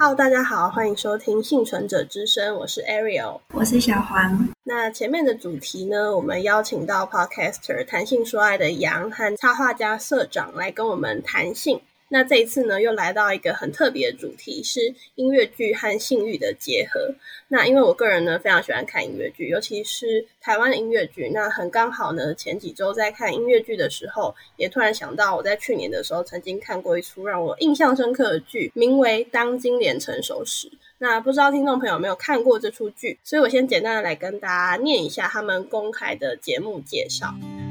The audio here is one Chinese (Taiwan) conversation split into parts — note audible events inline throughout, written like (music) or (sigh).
哈嘍，Hello, 大家好，歡迎收聽《性存者之聲》，我是 Ariel，我是小黃。那前面的主題呢，我們邀請到 Podcaster 談性說愛的楊和插畫家社長來跟我們談性。那這一次呢，又來到一個很特別的主題，是音樂劇和性慾的結合。那因為我個人呢，非常喜歡看音樂劇，尤其是台灣的音樂劇。那很剛好呢，前幾周在看音樂劇的時候，也突然想到，我在去年的時候曾經看過一出讓我印象深刻的劇，名為《當金蓮成熟時》。那不知道聽眾朋友有沒有看過這出劇？所以我先簡單的來跟大家念一下他們公開的節目介紹。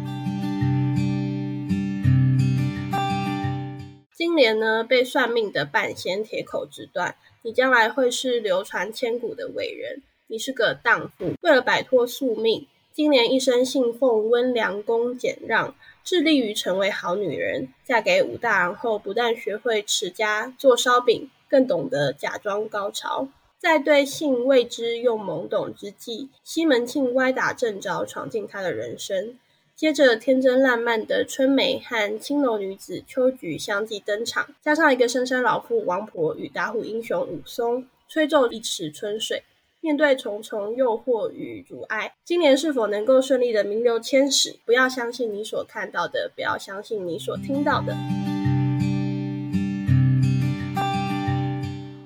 金蓮呢，被算命的半仙鐵口直斷，你將來會是流傳千古的偉人。你是個蕩婦，為了擺脫宿命，金蓮一生信奉溫良恭儉讓，致力於成為好女人。嫁給武大郎後，不但學會持家、做燒餅，更懂得假裝高潮。在對性未知又懵懂之際，西門慶歪打正着闖進她的人生。接着，天真爛漫的春梅和青樓女子秋菊相繼登場，加上一個深山老婦王婆與打虎英雄武松，吹皺一池春水。面對重重誘惑與阻礙，金蓮是否能夠順利的名留千史？不要相信你所看到的，不要相信你所聽到的。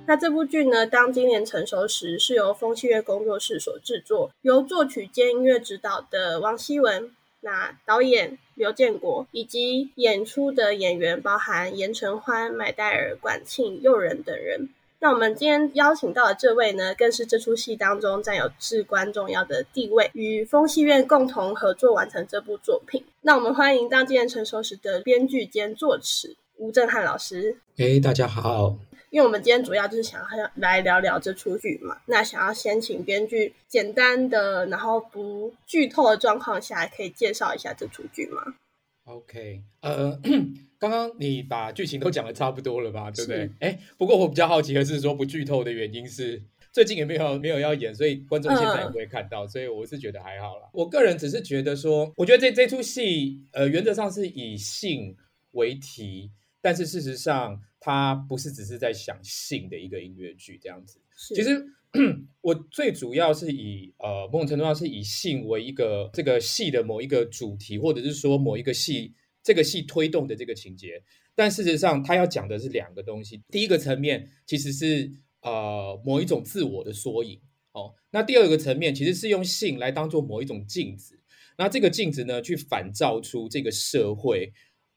那這部劇呢？當金蓮成熟時，是由瘋戲樂工作室所制作，由作曲兼音樂指導的王希文。那導演劉建國以及演出的演員包含嚴承歡、買戴爾、管慶、佑仁等人。那我們今天邀請到的這位呢，更是這出戲當中佔有至關重要的地位，與風戲院共同合作完成這部作品。那我們歡迎當金蓮成熟時的編劇兼作詞吳政翰老師。哎、欸，大家好。因為我們今天主要就是想要來聊聊這出劇嘛，那想要先請編劇簡單的，然後不劇透的狀況下，可以介紹一下這出劇嗎？OK，呃，剛剛你把劇情都講的差不多了吧，對不對？是誒不過我比較好奇的是，說不劇透的原因是最近也沒有沒有要演，所以觀眾現在也不會看到，呃、所以我是覺得還好啦。我個人只是覺得說，我覺得這這出戲，呃，原則上是以性為題。但是事實上，他不是只是在想性的一個音樂劇這樣子。是其實我最主要是以呃某種程度上是以性為一個這個戲的某一個主題，或者是說某一個戲這個戲推動的這個情節。但事實上，他要講的是兩個東西。第一個層面其實是呃某一種自我的縮影哦。那第二個層面其實是用性來當做某一種鏡子，那這個鏡子呢，去反照出這個社會。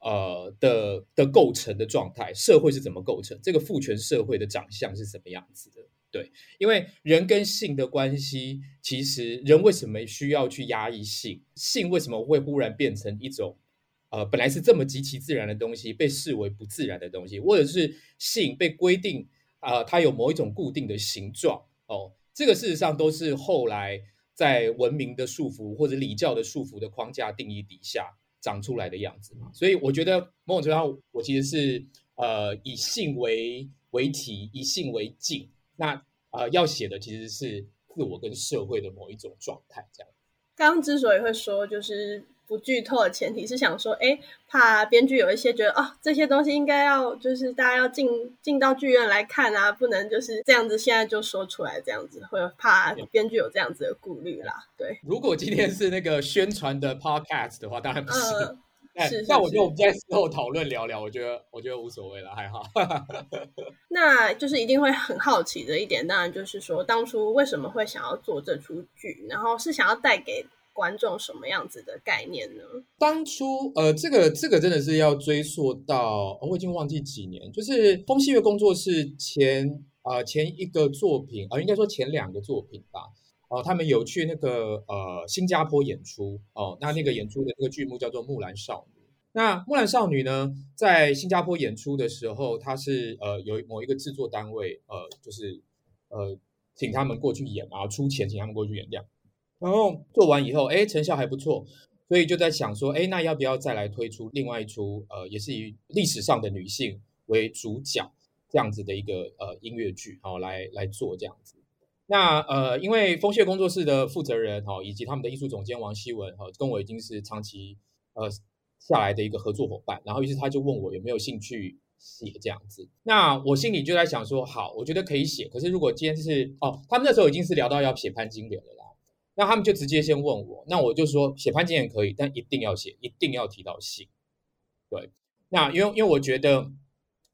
呃的的構成的狀態，社會是怎麼構成？這個父權社會的長相是什麼樣子的？對，因為人跟性的關係，其實人為什麼需要去壓抑性？性為什麼會忽然變成一種呃，本來是這麼極其自然的東西，被視為不自然的東西，或者是性被規定啊、呃，它有某一種固定的形狀。哦，這個事實上都是後來在文明的束縛或者禮教的束縛的框架定義底下。長出來的樣子嘛，所以我覺得某種程度上，我其實是呃以性為為題，以性為鏡，那呃要寫的其實是自我跟社會的某一種狀態。這樣，剛剛之所以會說，就是。不劇透的前提是想說，哎，怕編劇有一些覺得，哦，這些東西應該要就是大家要進進到劇院來看啊，不能就是這樣子現在就說出來，這樣子會怕編劇有這樣子的顧慮啦。對，如果今天是那個宣傳的 podcast 的話，當然不是。是，那我覺得我們在時候討論聊聊，我覺得我覺得無所謂啦，還好。 (laughs) 那就是一定會很好奇的一點，當然就是說，當初為什麼會想要做這出劇，然後是想要帶給，觀眾什麼樣子的概念呢？當初呃，這個這個真的是要追溯到、哦，我已經忘記幾年，就是瘋戲樂工作室前啊、呃、前一個作品啊、呃，應該說前兩個作品吧，哦、呃，他們有去那個呃新加坡演出哦，那、呃、那個演出的那個劇目叫做《木蘭少女》。那《木蘭少女》呢，在新加坡演出的時候，她是呃有某一個製作單位呃，就是呃請他們過去演嘛，出錢請他們過去演這樣。然後做完以後，哎，成效還不錯，所以就在想說，哎，那要不要再來推出另外一出，呃，也是以歷史上的女性為主角這樣子的一個呃音樂劇，好、哦、來來做這樣子。那呃，因為風穴工作室的負責人哈、哦，以及他們的藝術總監王希文哈、哦，跟我已經是長期呃下來的一個合作伙伴，然後於是他就問我有沒有興趣寫這樣子。那我心裡就在想說，好，我覺得可以寫，可是如果今天是哦，他們那時候已經是聊到要寫潘金蓮了啦。那他們就直接先問我，那我就說寫潘金蓮也可以，但一定要寫，一定要提到性。對，那因為因為我覺得，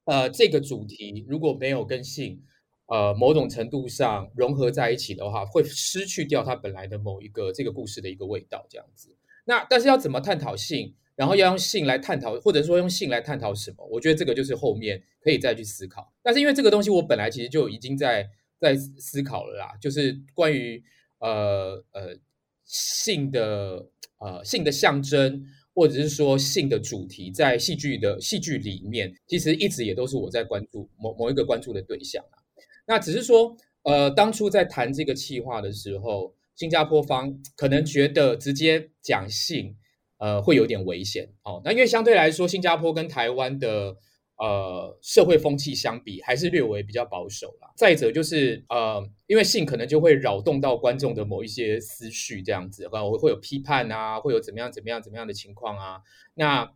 呃，這個主題如果沒有跟性，呃，某種程度上融合在一起的話，會失去掉它本來的某一個這個故事的一個味道這樣子。那但是要怎麼探討性，然後要用性來探討，或者說用性來探討什麼？我覺得這個就是後面可以再去思考。但是因為這個東西，我本來其實就已經在在思考了啦，就是關於。呃呃，性的呃性的象徵，或者是說性的主題，在戲劇的戲劇裡面，其實一直也都是我在關注某某一個關注的對象啊。那只是說，呃，當初在談這個企劃的時候，新加坡方可能覺得直接講性，呃，會有點危險哦。那因為相對來說，新加坡跟台灣的。呃，社會風氣相比還是略微比較保守啦。再者就是呃，因為性可能就會擾動到觀眾的某一些思緒，這樣子，可能會有批判啊，會有怎麼樣怎麼樣怎麼樣的情況啊。那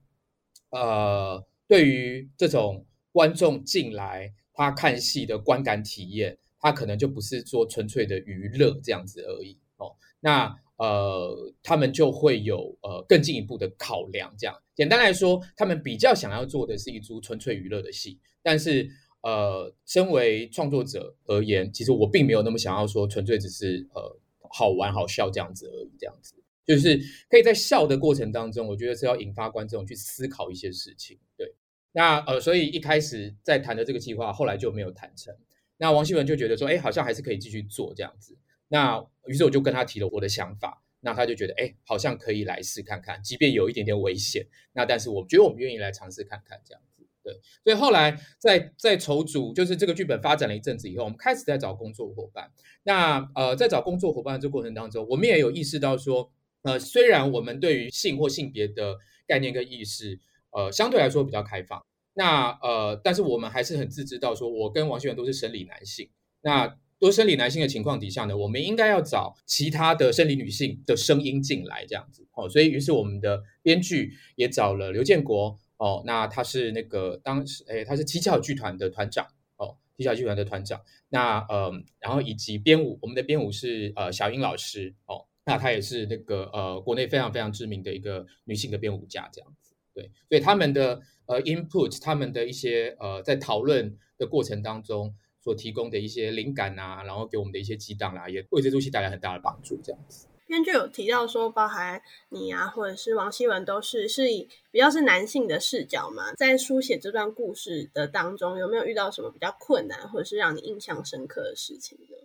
呃，對於這種觀眾進來他看戲的觀感體驗，他可能就不是說純粹的娛樂這樣子而已哦。那呃，他們就會有呃更進一步的考量。這樣簡單來說，他們比較想要做的是一出純粹娛樂的戲。但是，呃，身為創作者而言，其實我並沒有那麼想要說純粹只是呃好玩好笑這樣子而已。這樣子就是可以在笑的過程當中，我覺得是要引發觀眾去思考一些事情。對，那呃，所以一開始在談的這個計劃，後來就沒有談成。那王希文就覺得說，哎、欸，好像還是可以繼續做這樣子。那於是我就跟他提了我的想法，那他就覺得哎、欸，好像可以來試看看，即便有一點點危險，那但是我覺得我們願意來嘗試看看這樣子，對。所以後來在在籌組，就是這個劇本發展了一陣子以後，我們開始在找工作夥伴。那呃，在找工作夥伴的這過程當中，我們也有意識到說，呃，雖然我們對於性或性別的概念跟意識，呃，相對來說比較開放，那呃，但是我們還是很自知到說，我跟王旭文都是生理男性，那。多生理男性的情況底下呢，我們應該要找其他的生理女性的聲音進來，這樣子哦。所以，於是我們的編劇也找了劉建國哦，那他是那個當時誒、哎，他是七巧劇團的團長哦，七巧劇團的團長。那呃，然後以及編舞，我們的編舞是呃小英老師哦，那她也是那個呃國內非常非常知名的一個女性的編舞家，這樣子。對，所以他們的呃 input，他們的一些呃在討論的過程當中。所提供的一些靈感啊，然後給我們的一些激盪啦、啊，也為這出戲帶來很大的幫助。這樣子，今天就有提到說，包含你啊，或者是王希文，都是是以比較是男性的視角嘛，在書寫這段故事的當中，有沒有遇到什麼比較困難，或者是讓你印象深刻的事情呢？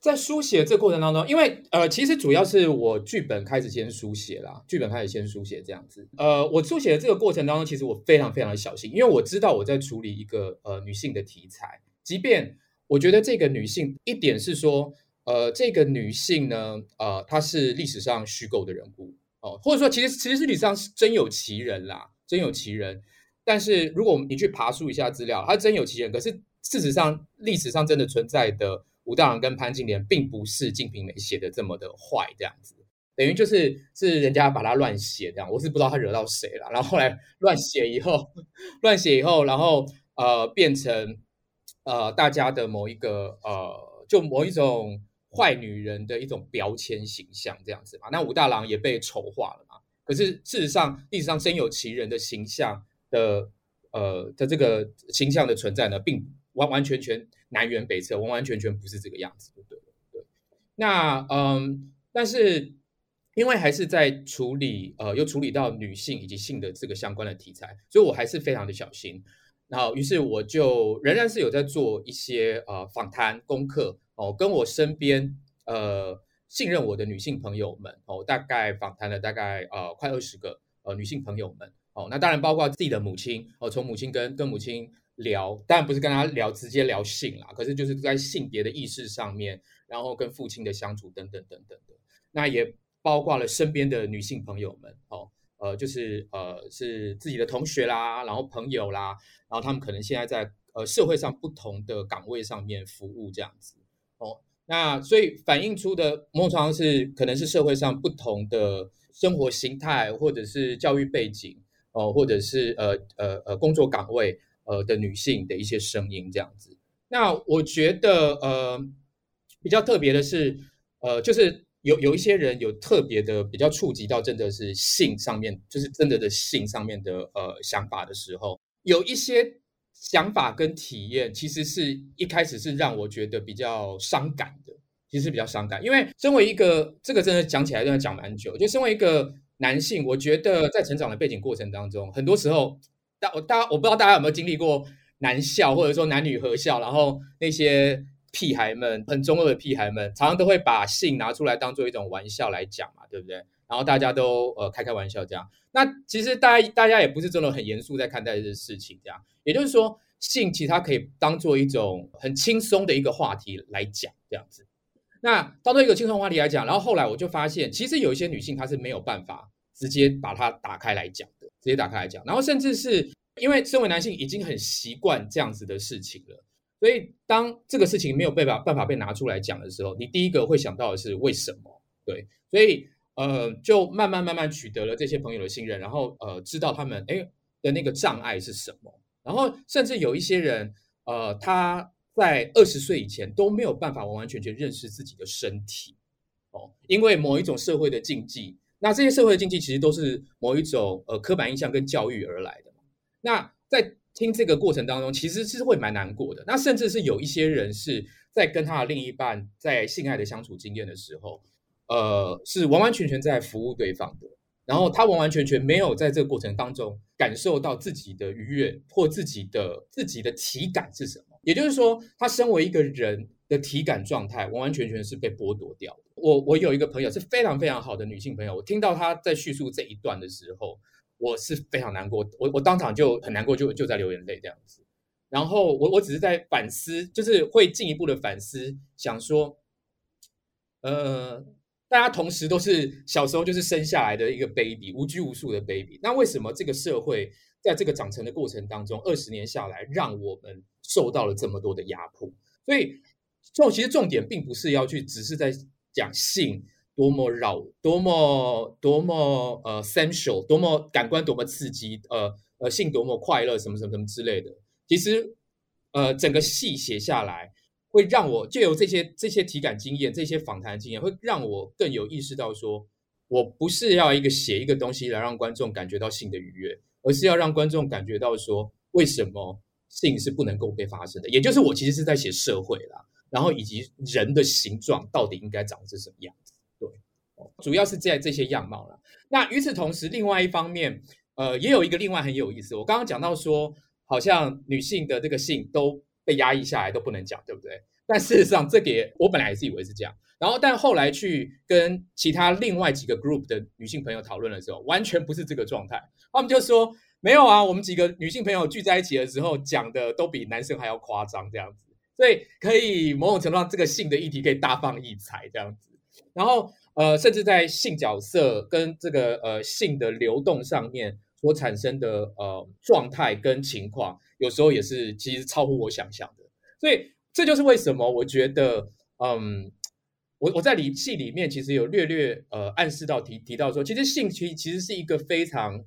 在書寫這個過程當中，因為呃，其實主要是我劇本開始先書寫啦，劇本開始先書寫這樣子。呃，我書寫的這個過程當中，其實我非常非常的小心，因為我知道我在處理一個呃女性的題材，即便。我覺得這個女性一點是說，呃，這個女性呢，呃，她是歷史上虛構的人物，哦、呃，或者說其實其實是歷史上真有其人啦，真有其人。但是如果你去爬梳一下資料，她真有其人。可是事實上歷史上真的存在的武大郎跟潘金蓮，並不是金瓶梅寫的這麼的壞這樣子，等於就是是人家把她亂寫這樣。我是不知道她惹到誰了，然後後來亂寫以後，亂寫以後，然後呃變成。呃，大家的某一個呃，就某一種壞女人的一種標籤形象這樣子嘛，那武大郎也被醜化了嘛。可是事實上，歷史上真有其人的形象的，呃，的這個形象的存在呢，並完完全全南轅北轍，完完全全不是這個樣子對，對對。那嗯，但是因為還是在處理呃，又處理到女性以及性的這個相關的題材，所以我還是非常的小心。那於是我就仍然是有在做一些呃訪談功課哦，跟我身邊呃信任我的女性朋友們哦，大概訪談了大概呃快二十個呃女性朋友們哦，那當然包括自己的母親哦，從母親跟跟母親聊，當然不是跟她聊直接聊性啦，可是就是在性別的意識上面，然後跟父親的相處等等等等的，那也包括了身邊的女性朋友們哦。呃，就是呃，是自己的同學啦，然後朋友啦，然後他們可能現在在呃社會上不同的崗位上面服務這樣子哦。那所以反映出的某種程度上是可能是社會上不同的生活形態，或者是教育背景哦，或者是呃呃呃工作崗位呃的女性的一些聲音這樣子。那我覺得呃比較特別的是呃就是。有有一些人有特別的比較觸及到，真的是性上面，就是真的的性上面的呃想法的時候，有一些想法跟體驗，其實是一開始是讓我覺得比較傷感的，其實是比較傷感，因為身為一個，這個真的講起來真的講蠻久，就身為一個男性，我覺得在成長的背景過程當中，很多時候，大我大家我不知道大家有沒有經歷過男校或者說男女合校，然後那些。屁孩們很中二的屁孩們，常常都會把性拿出來當做一種玩笑來講嘛，對不對？然後大家都呃開開玩笑這樣。那其實大家大家也不是真的很嚴肅在看待這個事情這樣。也就是說，性其實它可以當做一種很輕鬆的一個話題來講這樣子。那當做一個輕鬆的話題來講，然後後來我就發現，其實有一些女性她是沒有辦法直接把它打開來講的，直接打開來講。然後甚至是因為身為男性已經很習慣這樣子的事情了。所以，當這個事情沒有辦法辦法被拿出來講的時候，你第一個會想到的是為什麼？對，所以呃，就慢慢慢慢取得了這些朋友的信任，然後呃，知道他們哎的那個障礙是什麼，然後甚至有一些人呃，他在二十歲以前都沒有辦法完完全全認識自己的身體哦，因為某一種社會的禁忌，那這些社會的禁忌其實都是某一種呃刻板印象跟教育而來的，那在，聽這個過程當中，其實是會蠻難過的。那甚至是有一些人是在跟他的另一半在性愛的相處經驗的時候，呃，是完完全全在服務對方的。然後他完完全全沒有在這個過程當中感受到自己的愉悅或自己的自己的體感是什麼。也就是說，他身為一個人的體感狀態，完完全全是被剝奪掉。我我有一個朋友是非常非常好的女性朋友，我聽到她在敘述這一段的時候。我是非常難過，我我當場就很難過就就就在流眼淚這樣子。然後我我只是在反思，就是會進一步的反思，想說，呃，大家同時都是小時候就是生下來的一個 baby，無拘無束的 baby，那為什麼這個社會在這個長成的過程當中，二十年下來，讓我們受到了這麼多的壓迫？所以重其實重點並不是要去，只是在講性。多麼繞，多麼多麼呃，sensual，多麼感官，多麼刺激，呃呃，性多麼快樂，什麼什麼什麼之類的。其實，呃，整個戲寫下來，會讓我就有這些這些體感經驗，這些訪談經驗，會讓我更有意識到說，我不是要一個寫一個東西來讓觀眾感覺到性的愉悅，而是要讓觀眾感覺到說，為什麼性是不能夠被發生的。也就是我其實是在寫社會啦，然後以及人的形狀到底應該長成是什麼樣。主要是在這些樣貌了。那與此同時，另外一方面，呃，也有一個另外很有意思。我剛剛講到說，好像女性的這個性都被壓抑下來，都不能講，對不對？但事實上，這個、也我本來也是以為是這樣。然後，但後來去跟其他另外幾個 group 的女性朋友討論的時候，完全不是這個狀態。他們就說，沒有啊，我們幾個女性朋友聚在一起的時候，講的都比男生還要誇張，這樣子。所以，可以某種程度上，這個性的議題可以大放異彩，這樣子。然後。呃，甚至在性角色跟這個呃性的流動上面所產生的呃狀態跟情況，有時候也是其實超乎我想象的。所以這就是為什麼我覺得，嗯，我我在戲裡面其實有略略呃暗示到提提到說，其實性其實其實是一個非常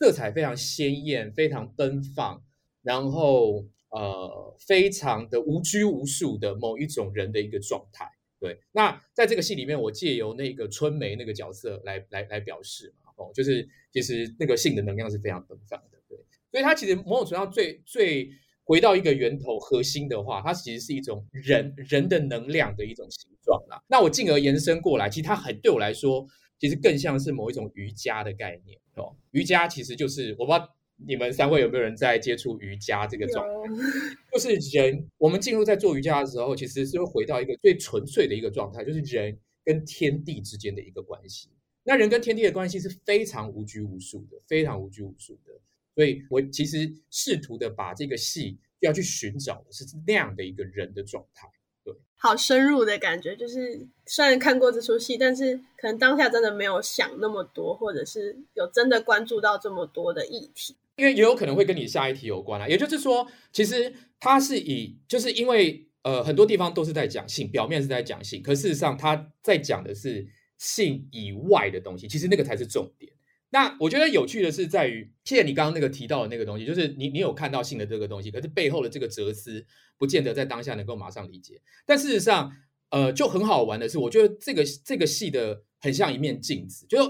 色彩非常鮮豔、非常奔放，然後呃非常的無拘無束的某一種人的一個狀態。對，那在這個戲裡面，我借由那個春梅那個角色來來來表示嘛，哦，就是其實那個性的能量是非常膨脹的，對，所以它其實某種程度上最最回到一個源頭核心的話，它其實是一種人人的能量的一種形狀啦。那我進而延伸過來，其實它很對我來說，其實更像是某一種瑜伽的概念哦，瑜伽其實就是我把你們三位有沒有人在接觸瑜伽這個狀態？有就是人，我們進入在做瑜伽的時候，其實是會回到一個最純粹的一個狀態，就是人跟天地之間的一個關係。那人跟天地的關係是非常無拘無束的，非常無拘無束的。所以我其實試圖的把這個戲要去尋找的是那樣的一個人的狀態。對，好深入的感覺，就是雖然看過這出戲，但是可能當下真的沒有想那麼多，或者是有真的關注到這麼多的議題。因為也有可能會跟你下一題有關啊，也就是說，其實它是以，就是因為呃，很多地方都是在講性，表面是在講性，可是事實上他在講的是性以外的東西，其實那個才是重點。那我覺得有趣的是，在於謝謝你剛剛那個提到的那個東西，就是你你有看到性的這個東西，可是背後的這個哲思，不見得在當下能夠馬上理解。但事實上，呃，就很好玩的是，我覺得這個這個戲的很像一面鏡子，就是。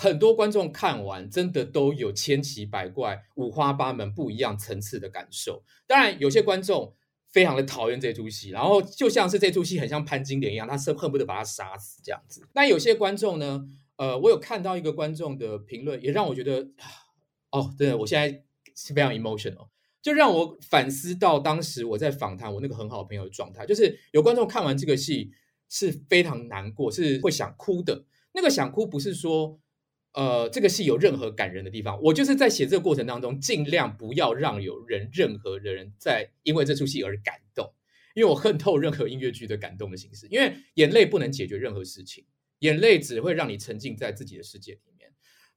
很多觀眾看完，真的都有千奇百怪、五花八門、不一樣層次的感受。當然，有些觀眾非常的討厭這出戲，然後就像是這出戲很像潘金蓮一樣，他是恨不得把他殺死這樣子。那有些觀眾呢，呃，我有看到一個觀眾的評論，也讓我覺得，哦，對，我現在是非常 emotional，就讓我反思到當時我在訪談我那個很好朋友的狀態，就是有觀眾看完這個戲是非常難過，是會想哭的。那個想哭不是說。呃，這個戲有任何感人的地方，我就是在寫這個過程當中，儘量不要讓有人任何人在因為這齣戲而感動，因為我恨透任何音樂劇的感動的形式，因為眼淚不能解決任何事情，眼淚只會讓你沉浸在自己的世界裡面，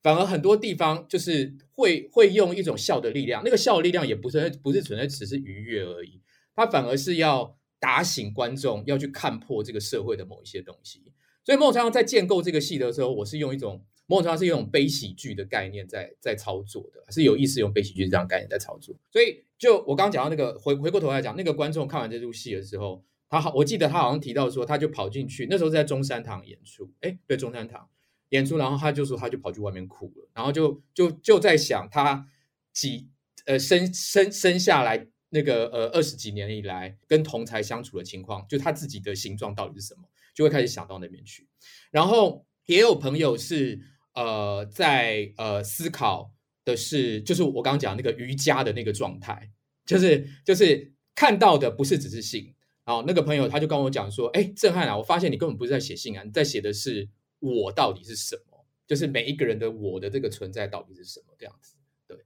反而很多地方就是會會用一種笑的力量，那個笑的力量也不是不是存在只是愉悅而已，它反而是要打醒觀眾，要去看破這個社會的某一些東西，所以孟超在建構這個戲的時候，我是用一種。莫川是用悲喜劇的概念在在操作的，是有意識用悲喜劇這樣概念在操作。所以，就我剛剛講到那個回回過頭來講，那個觀眾看完這出戲的時候，他好，我記得他好像提到說，他就跑進去，那時候是在中山堂演出，哎、欸，對，中山堂演出，然後他就說他就跑去外面哭了，然後就就就在想他幾呃生生生下來那個呃二十幾年以來跟同儕相處的情況，就他自己的形狀到底是什麼，就會開始想到那邊去。然後也有朋友是。呃，在呃思考的是，就是我剛剛講那個瑜伽的那個狀態，就是就是看到的不是只是性。然後那個朋友他就跟我講說：“哎，震撼啊！我發現你根本不是在寫性啊，你在寫的是我到底是什麼？就是每一個人的我的這個存在到底是什麼這樣子？”對。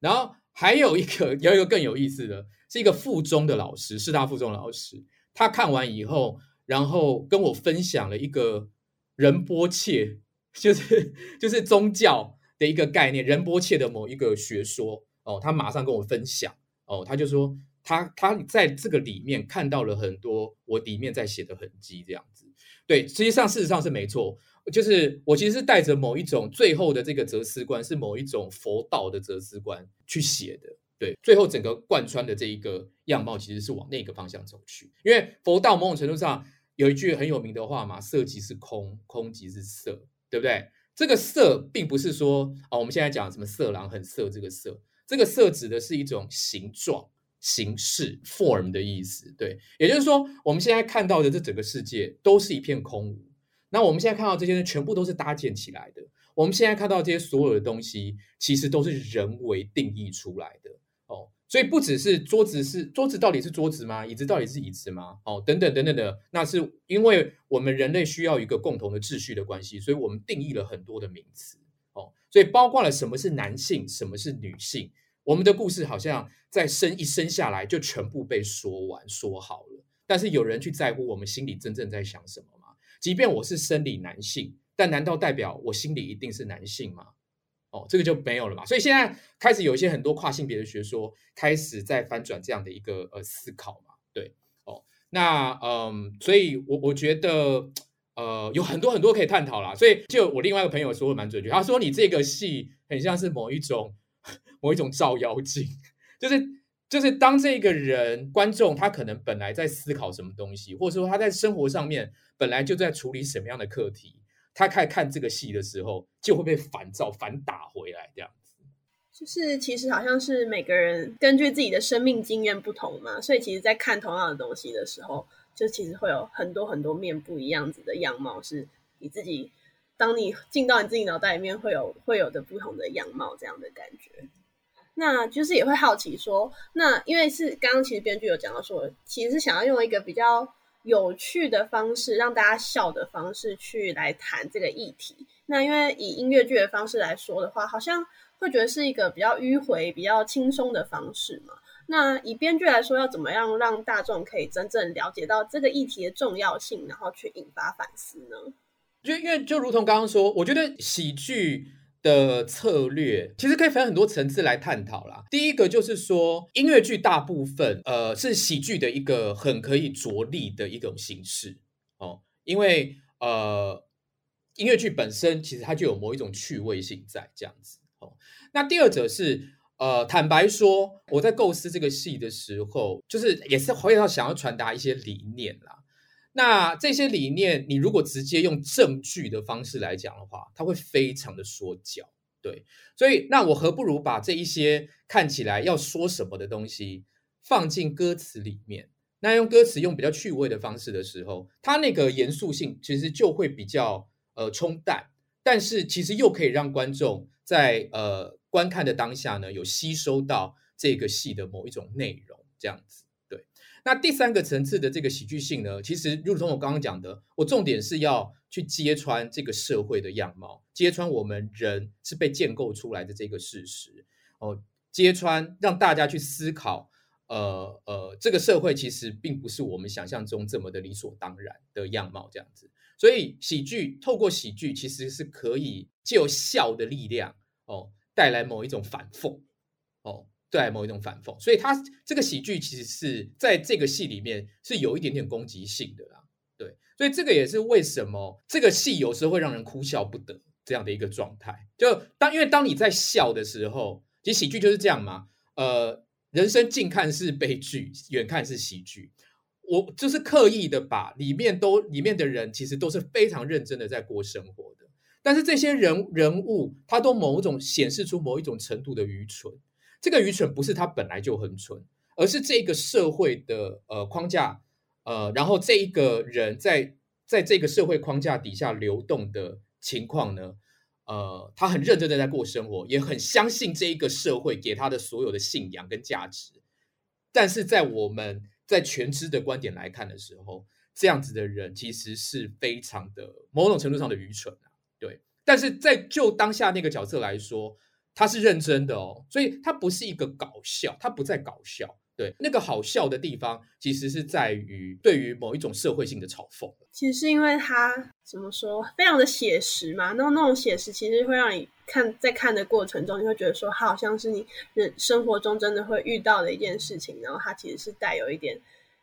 然後還有一個有一個更有意思的是一個附中的老師，師大附中的老師，他看完以後，然後跟我分享了一個仁波切。就是就是宗教的一個概念，仁波切的某一個學說哦，他馬上跟我分享哦，他就說他他在這個裡面看到了很多我裡面在寫的痕跡，這樣子。對，實際上事實上是沒錯，就是我其實是帶着某一種最後的這個哲思觀，是某一種佛道的哲思觀去寫的，對，最後整個貫穿的這一個樣貌其實是往那個方向走去，因為佛道某種程度上有一句很有名的話嘛，色即是空，空即是色。對不對？這個色並不是說啊、哦，我們現在講什麼色狼很色，這個色，這個色指的是一種形狀、形式 （form） 的意思。對，也就是說，我們現在看到的這整個世界都是一片空無。那我們現在看到這些，全部都是搭建起來的。我們現在看到這些所有的東西，其實都是人為定義出來的。所以不只是桌子是桌子，到底是桌子嗎？椅子到底是椅子嗎？哦，等等等等的，那是因為我們人類需要一個共同的秩序的關係，所以我們定義了很多的名詞。哦，所以包括了什麼是男性，什麼是女性。我們的故事好像在生一生下來就全部被說完說好了。但是有人去在乎我們心裡真正在想什麼嗎？即便我是生理男性，但難道代表我心裡一定是男性嗎？哦，這個就沒有了嘛，所以現在開始有一些很多跨性別的學說開始在翻轉這樣的一個呃思考嘛，對，哦，那嗯、呃，所以我我覺得呃有很多很多可以探討啦，所以就我另外一個朋友說的蠻準確，他說你這個戲很像是某一種某一種照妖鏡，就是就是當這個人觀眾他可能本來在思考什麼東西，或者說他在生活上面本來就在處理什麼樣的課題。他開始看這個戲的時候，就會被煩躁反打回來，這樣子。就是其實好像是每個人根據自己的生命經驗不同嘛，所以其實在看同樣的東西的時候，就其實會有很多很多面不一樣子的樣貌。是你自己，當你進到你自己腦袋裡面，會有會有的不同的樣貌這樣的感覺。那就是也會好奇說，那因為是剛剛其實編劇有講到說，其實是想要用一個比較。有趣的方式，讓大家笑的方式去來談這個議題。那因為以音樂劇的方式來說的話，好像會覺得是一個比較迂迴、比較輕鬆的方式嘛。那以編劇來說，要怎麼樣讓大眾可以真正了解到這個議題的重要性，然後去引發反思呢？就因為就如同剛剛說，我覺得喜劇。的策略其實可以分很多層次來探討啦。第一個就是說，音樂劇大部分呃是喜劇的一個很可以着力的一種形式哦，因為呃音樂劇本身其實它就有某一種趣味性在這樣子哦。那第二者是呃坦白說，我在構思這個戲的時候，就是也是回到想要傳達一些理念啦。那這些理念，你如果直接用證據的方式來講的話，它會非常的縮腳，對。所以，那我何不如把這一些看起來要說什麼的東西放進歌詞裡面？那用歌詞用比較趣味的方式的時候，它那個嚴肅性其實就會比較呃沖淡，但是其實又可以讓觀眾在呃觀看的當下呢，有吸收到這個戲的某一種內容，這樣子。對，那第三個層次的這個喜劇性呢，其實如同我剛剛講的，我重點是要去揭穿這個社會的樣貌，揭穿我們人是被建構出來的這個事實哦，揭穿讓大家去思考，呃呃，這個社會其實並不是我們想象中這麼的理所當然的樣貌這樣子，所以喜劇透過喜劇其實是可以借由笑的力量哦，帶來某一種反諷哦。對某一種反諷，所以他這個喜劇其實是在這個戲裡面是有一點點攻擊性的啦、啊。對，所以這個也是為什麼這個戲有時候會讓人哭笑不得這樣的一個狀態。就當因為當你在笑的時候，其實喜劇就是這樣嘛。呃，人生近看是悲劇，遠看是喜劇。我就是刻意的把裡面都裡面的人其實都是非常認真的在過生活的，但是這些人人物他都某一種顯示出某一種程度的愚蠢。這個愚蠢不是他本來就很蠢，而是這個社會的呃框架，呃，然後這一個人在在這個社會框架底下流動的情況呢，呃，他很認真的在過生活，也很相信這一個社會給他的所有的信仰跟價值，但是在我們在全知的觀點來看的時候，這樣子的人其實是非常的某種程度上的愚蠢啊，對，但是在就當下那個角色來說。他是認真的哦，所以它不是一個搞笑，它不在搞笑。對，那個好笑的地方，其實是在於對於某一種社會性的嘲諷。其實是因為它怎麼說，非常的寫實嘛。那那種寫實，其實會讓你看，在看的過程中，你會覺得說，它好像是你人生活中真的會遇到的一件事情。然後它其實是帶有一點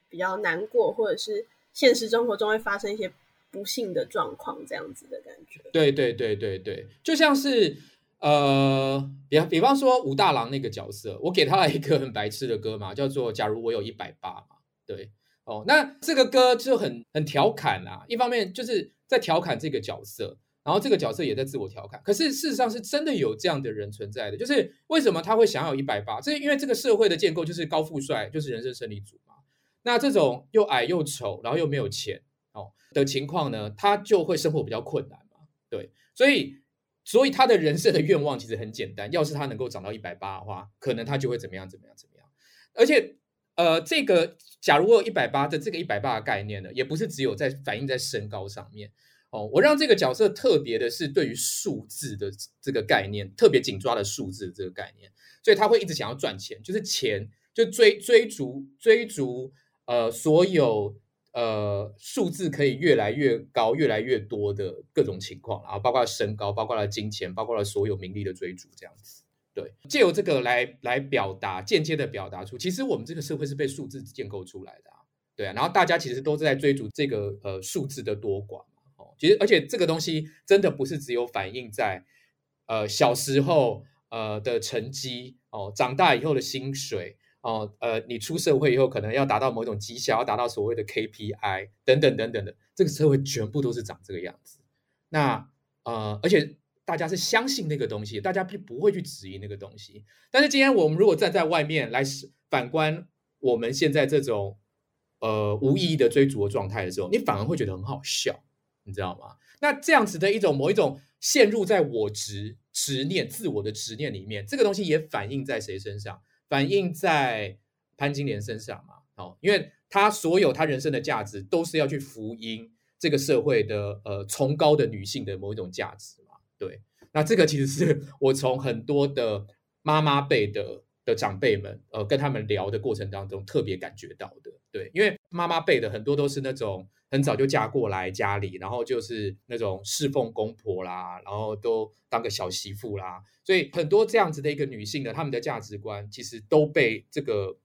比較難過，或者是現實生活中會發生一些不幸的狀況這樣子的感覺。對對對對對，就像是。呃，比比方說武大郎那個角色，我給他來一個很白痴的歌嘛，叫做《假如我有一百八》嘛，對哦。那這個歌就很很調侃啊，一方面就是在調侃這個角色，然後這個角色也在自我調侃。可是事實上是真的有這樣的人存在的，就是為什麼他會想要有一百八？這是因為這個社會的建構就是高富帥就是人生勝利組嘛。那這種又矮又醜，然後又沒有錢哦的情況呢，他就會生活比較困難嘛，對，所以。所以他的人生的願望其實很簡單，要是他能夠長到一百八的話，可能他就會怎麼樣怎麼樣怎麼樣。而且，呃，這個假如我有一百八的這個一百八的概念呢，也不是只有在反映在身高上面哦。我讓這個角色特別的是對於數字的這個概念，特別緊抓的數字的這個概念，所以他會一直想要賺錢，就是錢就追追逐追逐呃所有，呃，數字可以越來越高，越來越多的各種情況，然後包括身高，包括了金錢，包括了所有名利的追逐，這樣子。對，借由這個來來表達，間接的表達出，其實我們這個社會是被數字建構出來的啊。對啊，然後大家其實都是在追逐這個呃數字的多寡哦。其實，而且這個東西真的不是只有反映在呃小時候呃的成績哦，長大以後的薪水。哦，呃，你出社會以後，可能要達到某一種績效，要達到所謂的 KPI 等等等等的，這個社會全部都是長這個樣子。那呃，而且大家是相信那個東西，大家並不會去質疑那個東西。但是今天我們如果站在外面來反觀我們現在這種呃無意義的追逐的狀態的時候，你反而會覺得很好笑，你知道嗎？那這樣子的一種某一種陷入在我執執念、自我的執念裡面，這個東西也反映在誰身上？反映在潘金蓮身上嘛，好、哦，因為她所有她人生的價值都是要去福音這個社會的呃崇高的女性的某一種價值嘛，對，那這個其實是我從很多的媽媽輩的的長輩們，呃，跟他們聊的過程當中特別感覺到的，對，因為媽媽輩的很多都是那種。很早就嫁過來家裡，然後就是那種侍奉公婆啦，然後都當個小媳婦啦，所以很多這樣子的一個女性的，她們的價值觀其實都被這個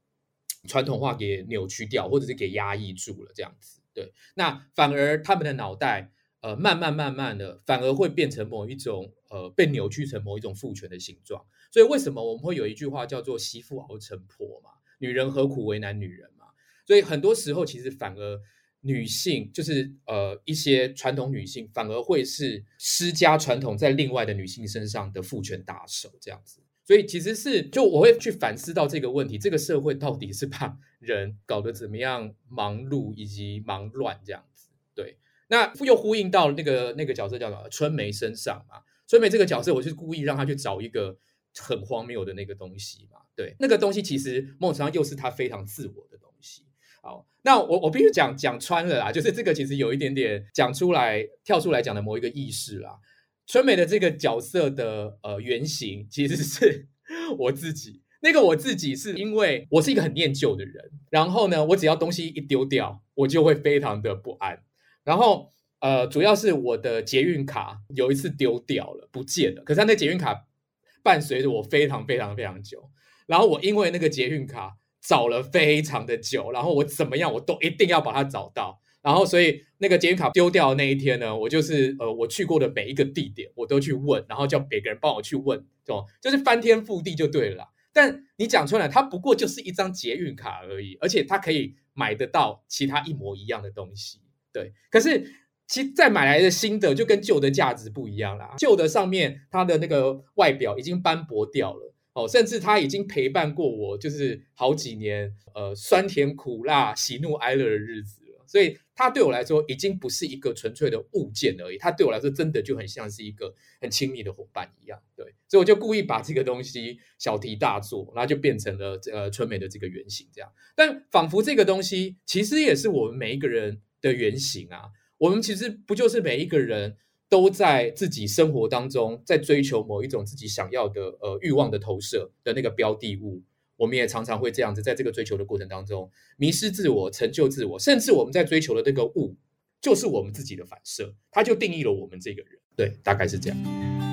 傳統化給扭曲掉，或者是給壓抑住了，這樣子。對，那反而她們的腦袋，呃，慢慢慢慢的，反而會變成某一種，呃，被扭曲成某一種父權的形狀。所以為什麼我們會有一句話叫做“媳婦熬成婆”嘛？女人何苦為難女人嘛？所以很多時候其實反而。女性就是呃一些傳統女性，反而會是施加傳統在另外的女性身上的父權打手這樣子，所以其實是就我會去反思到這個問題，這個社會到底是把人搞得怎麼樣忙碌以及忙亂這樣子，對，那又呼應到那個那個角色叫什麼春梅身上嘛，春梅這個角色，我是故意讓她去找一個很荒謬的那個東西嘛，對，那個東西其實某種程度上又是她非常自我的東西。好，那我我必須講講穿了啦，就是這個其實有一點點講出來跳出來講的某一個意思啦。春梅的這個角色的呃原型其實是我自己，那個我自己是因為我是一個很念舊的人，然後呢，我只要東西一丟掉，我就會非常的不安。然後呃，主要是我的捷運卡有一次丟掉了，不見了。可是他那捷運卡伴隨着我非常非常非常久，然後我因為那個捷運卡。找了非常的久，然後我怎麼樣我都一定要把它找到，然後所以那個捷運卡丟掉的那一天呢，我就是呃我去過的每一個地點我都去問，然後叫別人幫我去問，懂？就是翻天覆地就對了。但你講出來，它不過就是一張捷運卡而已，而且它可以買得到其他一模一樣的東西，對。可是其實在買來的新的就跟舊的價值不一樣啦，舊的上面它的那個外表已經斑駁掉了。哦，甚至他已經陪伴過我，就是好幾年，呃，酸甜苦辣、喜怒哀樂的日子了。所以，他對我來說已經不是一個純粹的物件而已，他對我來說真的就很像是一個很親密的伙伴一樣。對，所以我就故意把這個東西小題大做，然後就變成了這、呃、春美的這個原型這樣。但仿佛這個東西其實也是我們每一個人的原型啊，我們其實不就是每一個人？都在自己生活當中，在追求某一種自己想要的，呃，欲望的投射的那個標的物。我們也常常會這樣子，在這個追求的過程當中，迷失自我，成就自我。甚至我們在追求的那個物，就是我們自己的反射，它就定義了我們這個人。對，大概是這樣。